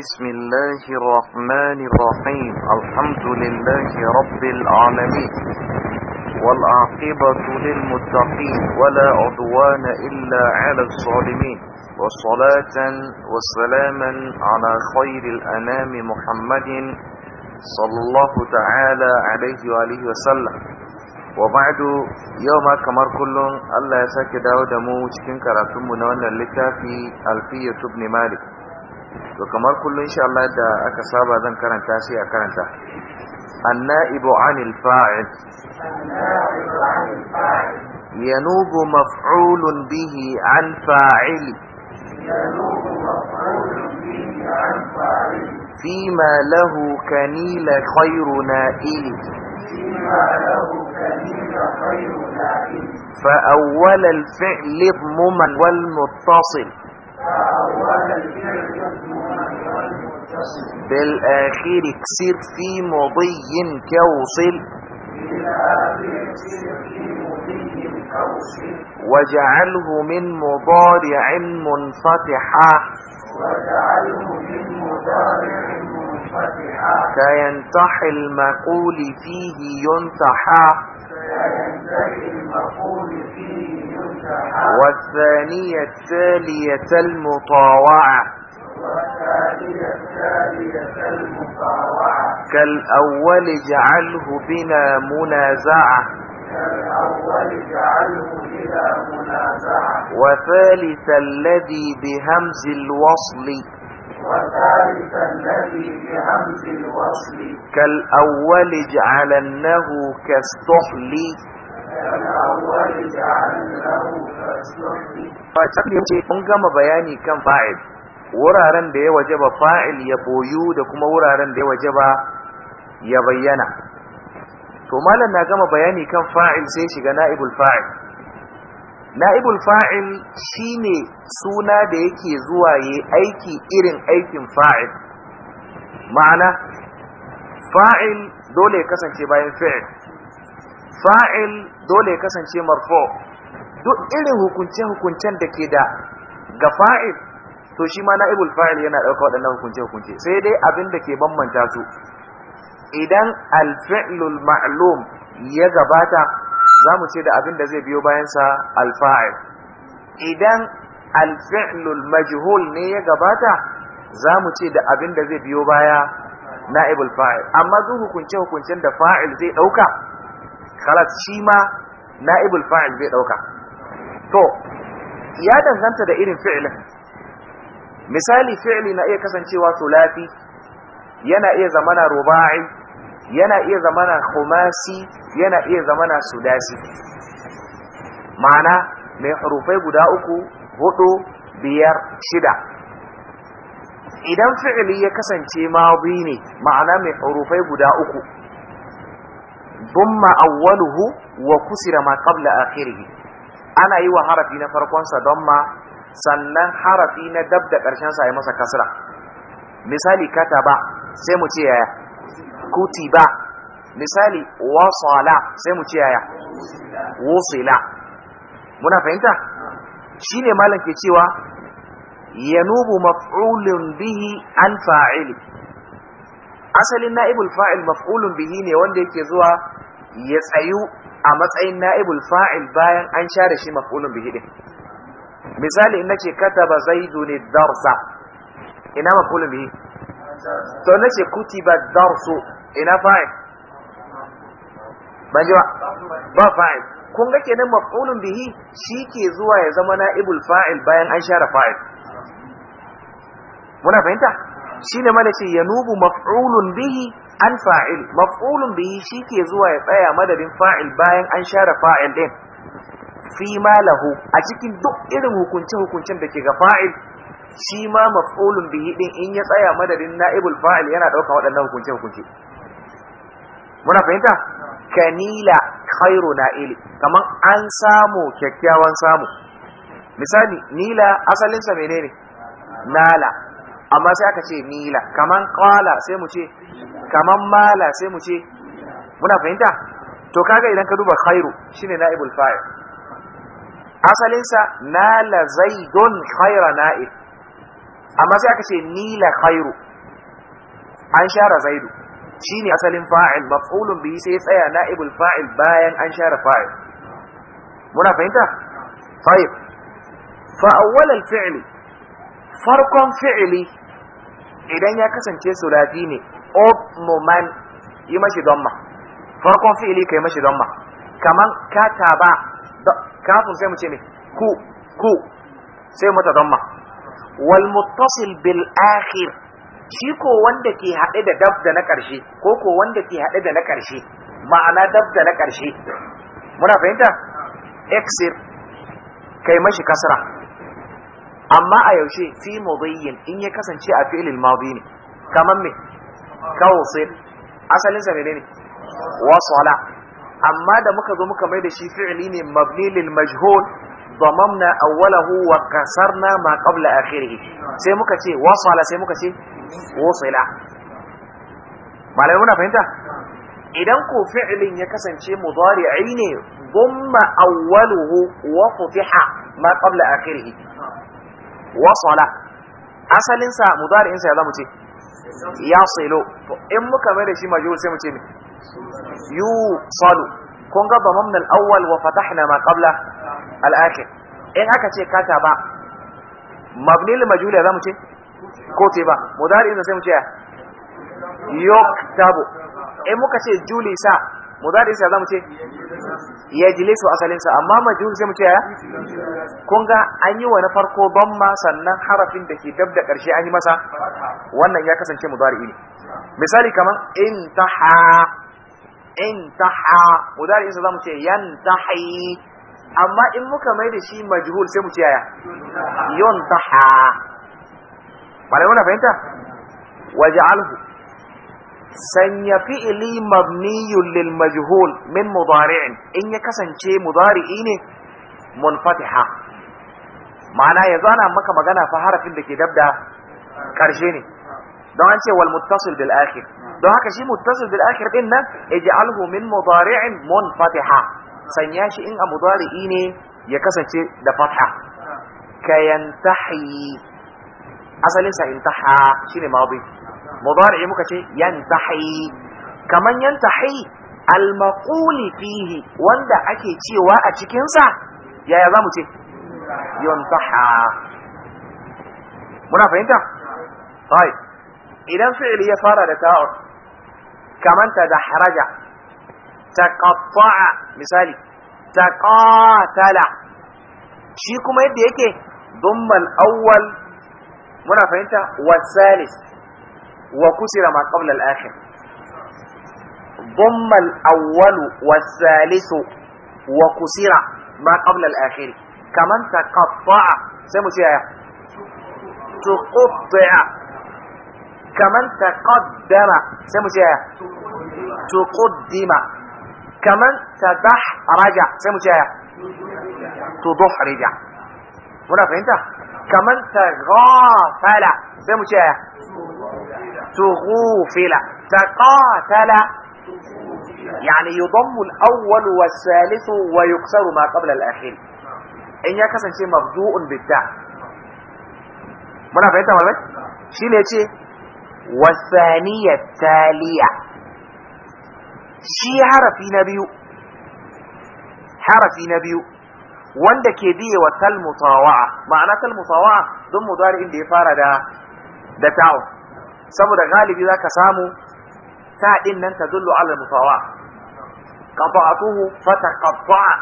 بسم الله الرحمن الرحيم الحمد لله رب العالمين والعاقبة للمتقين ولا عدوان إلا على الظالمين وصلاة وسلاما على خير الأنام محمد صلى الله تعالى عليه وآله وسلم وبعد يوم كمر كل الله يساك داود موج كنكرة ثم نوانا في ألفية ابن مالك to kamar kullun insha Allah da aka saba zan karanta sai a karanta annaibu anil fa'il yanubu maf'ulun bihi an fa'il فيما له كنيل خير نائل فأول الفعل ممن والمتصل فأول الفعل بالآخير كسير في مضي كوصل وجعله من مضارع منفتحا وجعله من مضارع منفتحا كينتح المقول فيه ينتحا والثانية التالية المطاوعة كالأول اجعله بلا منازعة كالأول اجعله بلا منازعة وثالث الذي بهمز الوصل وثالث الذي بهمز الوصل كالأول جعلنه كاستحلي كالأول جعلنه كاستحل kun gama bayani kan fa'id wuraren da ya waje ba fa'il ya boyu da kuma wuraren da ya waje ba ya bayyana to malam na gama bayani kan fa'il sai shiga na'ibul fa'il na'ibul fa'il shine suna da yake zuwa ya aiki irin aikin fa'il ma'ana fa'il dole ya kasance bayan fail fa'il dole ya kasance marfo. duk irin hukunce-hukuncen da ke da ga fa'il to shi ma na'ibul fa'il yana ɗauka waɗannan hukunce hukunce sai dai abinda ke bambanta su idan alfi'lul ma'lum ya gabata za mu ce da abin zai biyo bayansa alfa'il idan alfi'lul majhul ne ya gabata za ce da abin zai biyo baya na'ibul fa'il amma duk hukunce hukuncen da fa'il zai ɗauka kalas shi ma na'ibul fa'il zai ɗauka to ya danganta da irin fi'ilin misali fi'li na iya kasancewa tulafi yana iya zamana ruba'i yana iya zamana khumasi yana iya zamana sudasi ma'ana mai hurufai guda uku hudu biyar shida idan fi'li ya kasance biyu ne ma'ana mai hurufai guda uku dumma awwaluhu wa kusira ma qabla akhirih ana yi wa harafi na farkonsa don ma sannan harafi na dab da ƙarshen sa ya masa kasra misali kataba sai mu ce yaya kutiba misali wasala sai mu ce yaya wusila muna fahimta shine malam ke cewa yanubu maf'ulun bihi an fa'ili asalin na'ibul fa'il maf'ulun bihi ne wanda yake zuwa ya tsayu a matsayin na'ibul fa'il bayan an share shi maf'ulun bihi din misali in nace kataba zaidun ad-darsa ina kullu bihi to nace kutiba ad-darsu ina fa'il ban ji ba ba fa'il kun ga kenan maf'ulun bihi shi ke zuwa ya zama na'ibul fa'il bayan an share fa'il muna fahimta shine malaci yanubu maf'ulun bihi an fa'il maf'ulun bihi shi ke zuwa ya tsaya madadin fa'il bayan an share fa'il din fi malahu a cikin duk irin hukunce hukuncen da ke ga fa'il shi ma maf'ulun bihi din in ya tsaya madadin na'ibul fa'il yana dauka waɗannan hukunce hukunce muna fahimta kanila khairu na'ili kaman an samu kyakkyawan samu misali nila asalinsa menene nala amma sai aka ce nila kaman qala sai mu ce kaman mala sai mu ce muna fahimta to kaga idan ka duba khairu shine na'ibul fa'il asalinsa la zaidun khaira na'ib amma sai aka ce la khairu an share zaidu shine asalin fa'il maf'ulun bihi sai tsaya na'ibul fa'il bayan an share fa'il muna fahimta tayyib fa awwal al fi'li farkon fi'li idan ya kasance sulati ne obnuman yi mashi damma farkon fi'li kai mashi damma kaman kataba kafin sai mu ce me ku ku sai mu tazamma wal muttasil bil akhir shi ko wanda ke haɗe da dab da na ƙarshe ko ko wanda ke haɗe da na ƙarshe ma'ana dab da na ƙarshe muna fahimta exir kai mashi kasra amma a yaushe fi mudayyin in ya kasance a fi'ilil madi ne kaman me kawsir asalin sa menene wasala amma da muka zo muka mai da shi fi'li ne mabni lil majhul damamna awwalahu wa kasarna ma qabla akhirih sai muka ce wasala sai muka ce wasila malai muna fahimta idan ko fi'lin ya kasance mudari'i ne dhamma awwaluhu wa futiha ma qabla akhirih wasala asalin sa mudari'in sa ya zamu ce yasilu to in muka mai da shi majhul sai mu ce yusalu kun ga bamamna al-awwal wa fatahna ma qabla al-akhir in aka ce ba mabni al-majhul zamu ce ko ce ba mudari sai mu ce yuktabu in muka ce julisa mudari sai zamu ce yajlisu asalin sa amma majhul sai mu ce kun ga an yi wani farko farko bamma sannan harafin da ke dab da karshe an yi masa wannan ya kasance mudari ne misali kaman intaha انتحى ودار ينسى ذلك ينتحي أما إن مكا مكمل شي مجهول سيمو تيايا ينتحى مالذي فهمت وجعله سنيفئ لي مبني للمجهول من مضارع إن يكسن شيء مضارعين منفتحة معنى يزانا مكا مغانا فهارة فين لكي دبدا كارجيني دعان شيء والمتصل بالآخر don haka shi muttasil bil akhir din nan ij'alhu min mudari'in munfatiha sanya shi in a mudari'i ne ya kasance da fatha kayantahi asalin sa intaha shine madi mudari'i muka ce yantahi kaman yantahi al maquli fihi wanda ake cewa a cikin sa yaya zamu ce yantaha muna fahimta طيب idan fi'ili ya fara da ta'ar. كمان تدحرج تقطع مثالي تقاتل شي كما يد يكي ضم الأول منا فهمت والثالث وكسر ما قبل الآخر ضم الأول والثالث وكسر ما قبل الآخر كمان تقطع سيمو سيايا تقطع كمان تقدم سيمو سيايا تقدم كمن تدح رجع سمو جاية تضح رجع هنا فهمت كمن تغافل سمو جاية تغوفل تقاتل يعني يضم الأول والثالث ويكسر ما قبل الأخير إن يكسن شيء مبدوء بالتاء منا فهمت يا شيء ليه والثانية التالية shi harafi na biyu harafi na biyu wanda ke biye wa talmutawa'a ma'ana talmutawa'a don mudari da ya fara da da ta'u saboda galibi za ka samu ta din nan ta dullu ala mutawa qata'atuhu fataqatta'a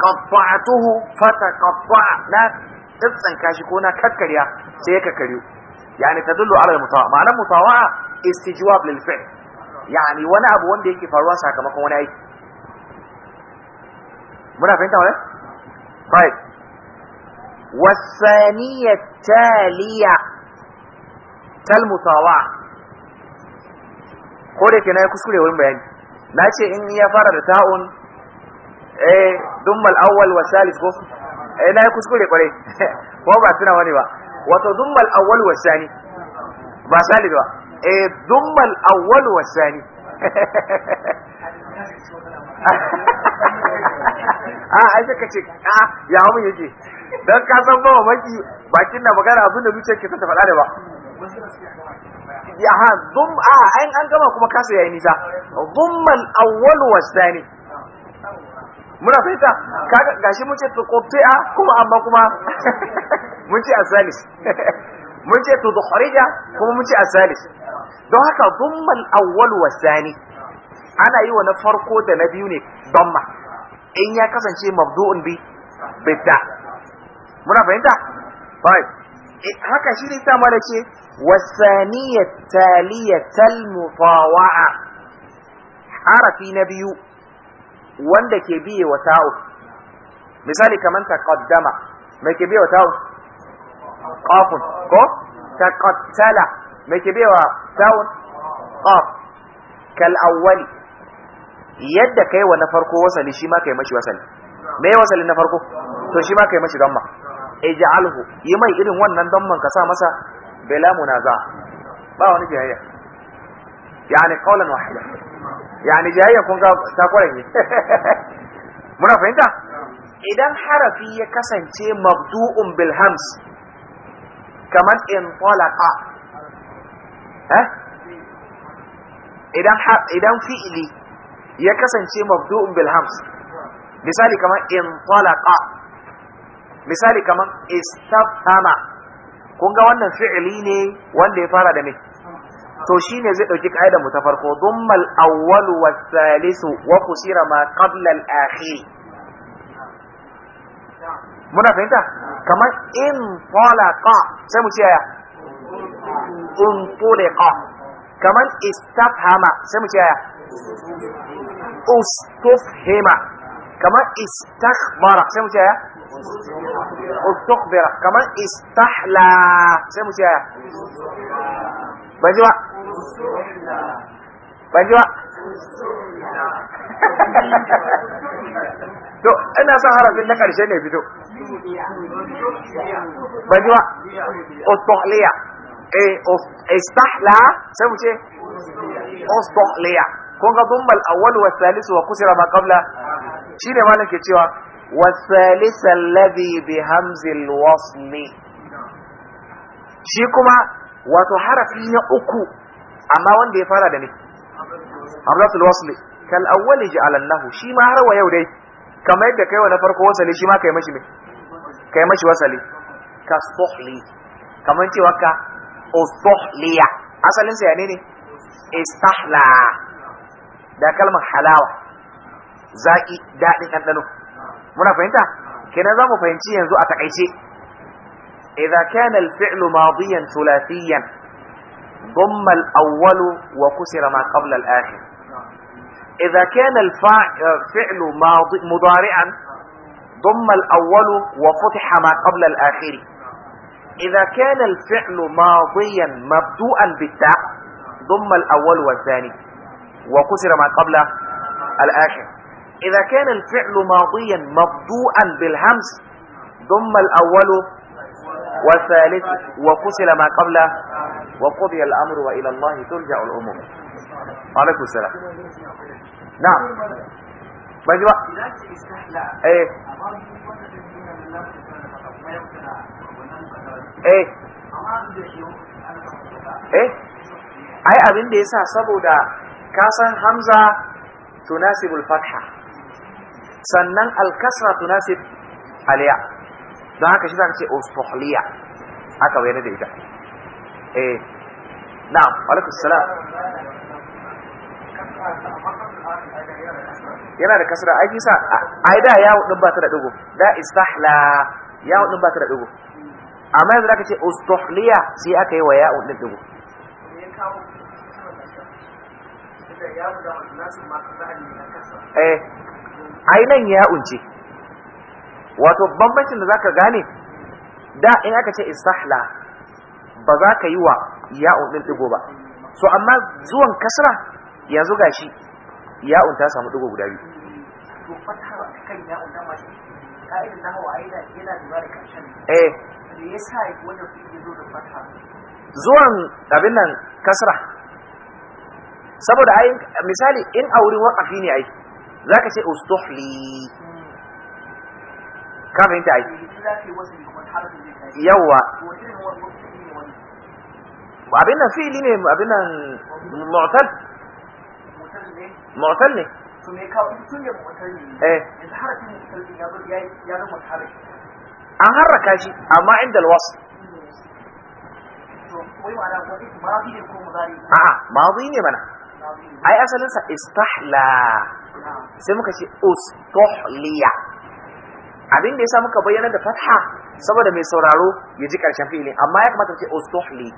qata'atuhu fataqatta'a na tsanka kashi ko na kakkarya sai ka karyo yani ta dullu ala mutawa ma'ana mutawa istijwab lil fi'l yani wani abu wanda yake faruwa sakamakon wani aiki muna fahimta wani? right wasaniya taliya talmutawa ko da ke na ya kuskure wurin bayani na ce in ya fara da ta'un eh dummal awwal wa salis ko eh na ya kuskure kware ko ba tuna wani ba wato dummal awwal wa sani ba salis ba eh dummal a ah, ai saka ce a ah, ya mu yake dan ka san ba maki na magana abin da zuciyarki ta faɗa da ba ya ha dum a an an gama kuma kasa yayi nisa dummal a wa sani muna fahimta kaga mun ce tuqti'a kuma amma kuma mun ce asalis mun ce tudkharija kuma mun ce asalis don haka dhummal awwal wa thani ana yi wa na farko da na biyu ne dhamma in ya kasance mabdu'un bi bidda muna fahimta bai eh, haka shi ne ta mala ce taliyat al mutawaa harafi na biyu wanda ke biye wa ta'u misali kamar taqaddama mai ke biye wa ta'u qafun ko taqattala me ke bewa sawun qaf kal awwali yadda kai wa na farko wasali shi ma kai mashi wasali me wasali na farko to shi ma kai mashi damma ij'alhu yi mai irin wannan damman ka sa masa bala munaza ba wani jayayya yani qawlan wahida yani jayayya kun ga ta kwarenye muna fahimta idan harafi ya kasance mabdu'un bil hams kamar in talaqa Eh? idan idan fi'ili ya kasance mabdu'un bil hams misali kamar in talaqa misali kamar istabtama kun ga wannan fi'ili ne wanda ya fara da me to shine zai dauki kaidar mu ta farko dummal awwal wa thalith wa kusira ma qabla al akhir muna fahimta kamar in talaqa sai mu ce ya untuliqa kaman istafhama sai mu ce ya ustufhima kaman istakhbara sai mu ce ya ustukhbira kaman istahla sai mu ce ya banjiwa banjiwa to ina son harafin na karshe ne fito banjiwa ustuhliya eh of istahla sai mu ce ustahliya kun ga zumbal awwal wa thalith wa kusira ma qabla shine malam ke cewa wa thalith alladhi bi hamzil wasli shi kuma wato harafi na uku amma wanda ya fara da ne hamzatul wasli kal awwali ja'alannahu shi ma har wa yau dai kamar yadda kai wa na farko wasali shi ma kai mashi me kai mashi wasali ka suhli kamar cewa ka الضحلية أصل لنسى يعني إيه استحلى ده كلمة حلاوة زاكي دادي كندلو منا فهمتا كنا زمو فهمتي ينزو أتقيتي إذا كان الفعل ماضيا ثلاثيا ضم الأول وكسر ما قبل الآخر إذا كان الفعل ماضي مضارعا ضم الأول وفتح ما قبل الآخر إذا كان الفعل ماضيا مبدوءا بالتاء ضم الأول والثاني وكسر ما قبل الآخر إذا كان الفعل ماضيا مبدوءا بالهمس ضم الأول والثالث وكسر ما قبل وقضي الأمر وإلى الله ترجع الأمور عليكم السلام نعم باجي بقى ايه Eh. eh ai abin da yasa saboda ka san hamza tunasibul fatha sannan al-kasra tunasib aliya don haka shi zaka ce ustuhliya haka bai da ita eh na'am alaikum salam yana da kasra ai kisa ai da ya din ba ta da dugo da istahla ya din ba ta da dugo amma yanzu zaka ce ustuhliya sai aka yi wa ya din dubu eh ai ya ya'un ce wato bambancin da zaka gane da in aka ce istahla ba za ka yi wa ya'un din digo ba so amma zuwan kasra yanzu gashi ya ta samu digo guda biyu to fatawa kan ya da ma shi ka'idin nahawa aida yana da karshen eh zuwan abin nan kasra saboda ai misali in a wurin waqafi ne ai zaka ce ustuhli ka fahimta ai eh, yawa abin nan ne abin nan mu'tal mu'tal ne to me ka tun mu'tal ne eh harafin mu'tal ya ya zama an harraka shi amma inda alwasu a'a madi ne mana ai asalinsa istahla sai muka ce ustuhliya abin da sa muka bayyana da fatha saboda mai sauraro ya ji karshen fili, amma ya kamata ce ustuhli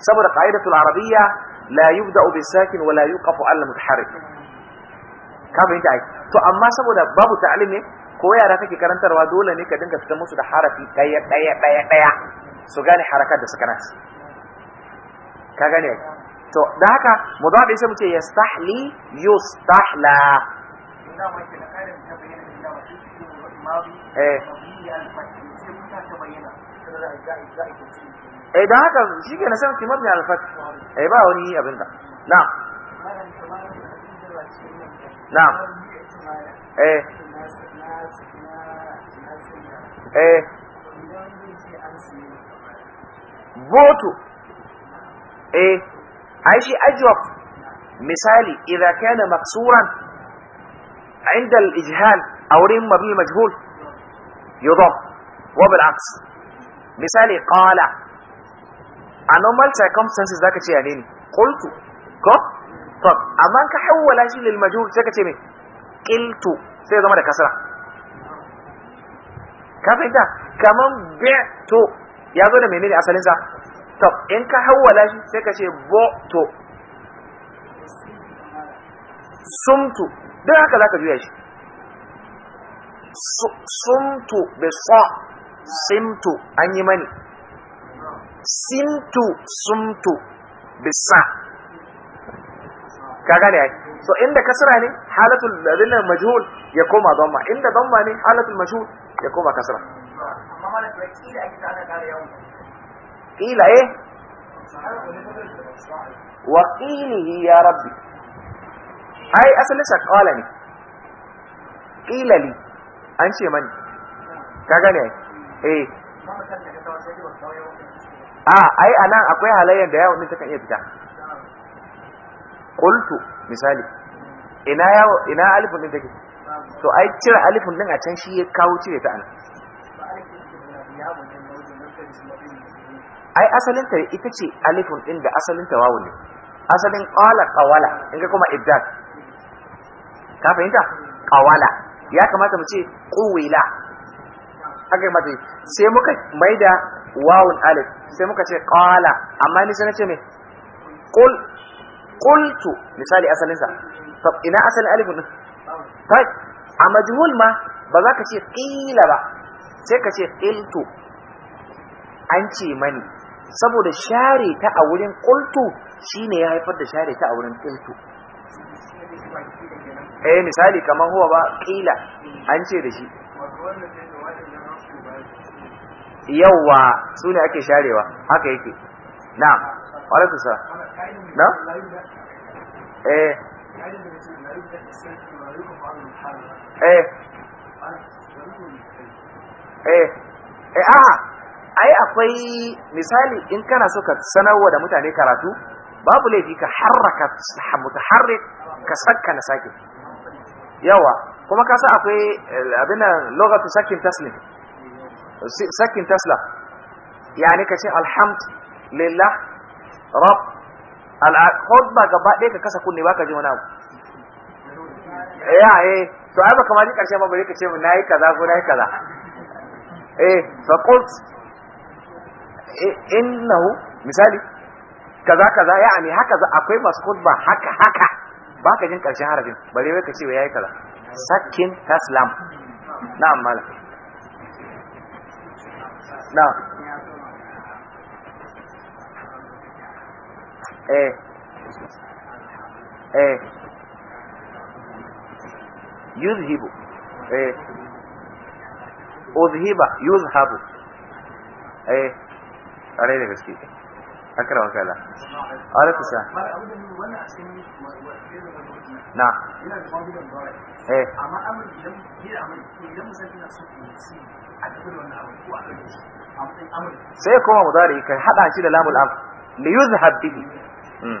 saboda qa'idatul arabiyya la yubda'u sakin wa la yuqafu al mutaharrik ka fahimta ai to amma saboda babu ta'lim ne ko yara kake karantarwa dole ne ka dinga fitar musu da harafi ɗaya ɗaya ɗaya ɗaya su gane harakar da suka nasu ka gane to da haka mudaf sai mu ce yastahli yustahla eh eh da haka shi ke nasan kimar ne alfat eh ba wani abin da Na. na eh eh voto eh ai shi ajwab misali idza kana maksuran عند الإجهال أو رم مبني مجهول يضم وبالعكس مثالي قال normal circumstances ذاك شيء يعني قلت كف طب أما أنك حول شيء للمجهول ذاك شيء قلت سيضم ده كسره ka fahimta kaman to ya zo da menene asalin sa to in ka hawwala shi sai ka ce bo to sumtu dan haka zaka juya shi sumtu bi sa simtu an yi mani simtu sumtu bi sa ka gane ai so inda kasra ne halatul ladina majhul ya koma dhamma inda dhamma ne halatul majhul ya koma kasra kila eh wa qilihi ya rabbi ai asalin sa qala ni qila li an ce mani ka gane eh a ai anan akwai halayen da yawon ta kan iya fita qultu misali ina yawo ina alifin din take to ai cire alifin din a can shi ya kawo cire ta ana ai asalin ta ita ce alifin din da asalin ta wawu ne asalin qala qawala in ga kuma Ibdad, ka fahimta qawala ya kamata mu ce quwila haka mata sai muka mai da wawun alif sai muka ce qala amma ni sai na ce me qul qultu misali asalin sa ina asalin alifin din a majhul ma ba za ka ce ƙila ba sai ka ce ƙiltu an ce mani saboda share ta a wurin ƙultu shine ya haifar da share ta a wurin ƙiltu eh misali kamar huwa ba ƙila an ce da shi yawwa su ne ake sharewa haka yake na ƙwararsa na eh Eh. eh eh a'a ai akwai misali in kana so ka sanarwa da mutane karatu babu laifi ka harraka mutaharrik ka sakka na sake yawa kuma ka sa akwai eh, abin lokacin sakin taslim sakin tasla ne ka ce alhamd lillah rab al'ad khutba gaba ɗaya ka kasa kunne baka ji wani abu eh ah, eh to ai baka ma ji karshen ba bare ka ce mun nayi kaza ko nayi kaza eh fa qult eh, innahu misali kaza kaza yani haka akwai maskut ba haka haka baka jin karshen harafin bare wai ka ce yayi kaza sakin taslam na'am mala na eh eh yuzhibu eh uzhiba yuzhabu eh are da gaske wa kala are na na eh. sai kuma mudari kai hada shi da lamul am li yuzhab bihi eh. hmm.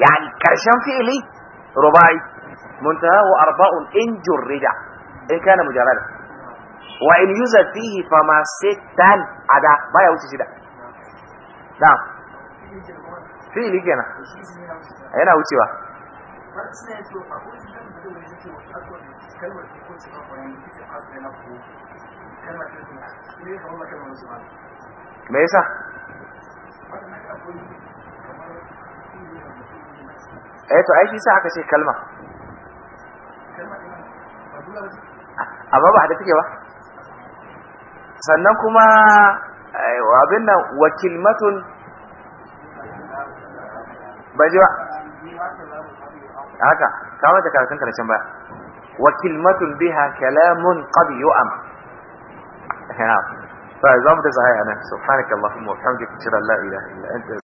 yani karshen fi'ili rubai wa arba'un in jurrida in kana mujarrad wa in yuzad fihi fama sittan ada ya wuce shida da. fi'ili kenan yana wucewa me yasa eh to ai shi sa aka ce kalma amma ba da take ba sannan kuma abin nan wakilmatun ba ji ba haka kawo ta karatun karshen ba wakilmatun biha kalamun qad yu'am نعم فإذا بدأ صحيح أنا سبحانك اللهم وبحمدك أشهد أن لا إله إلا أنت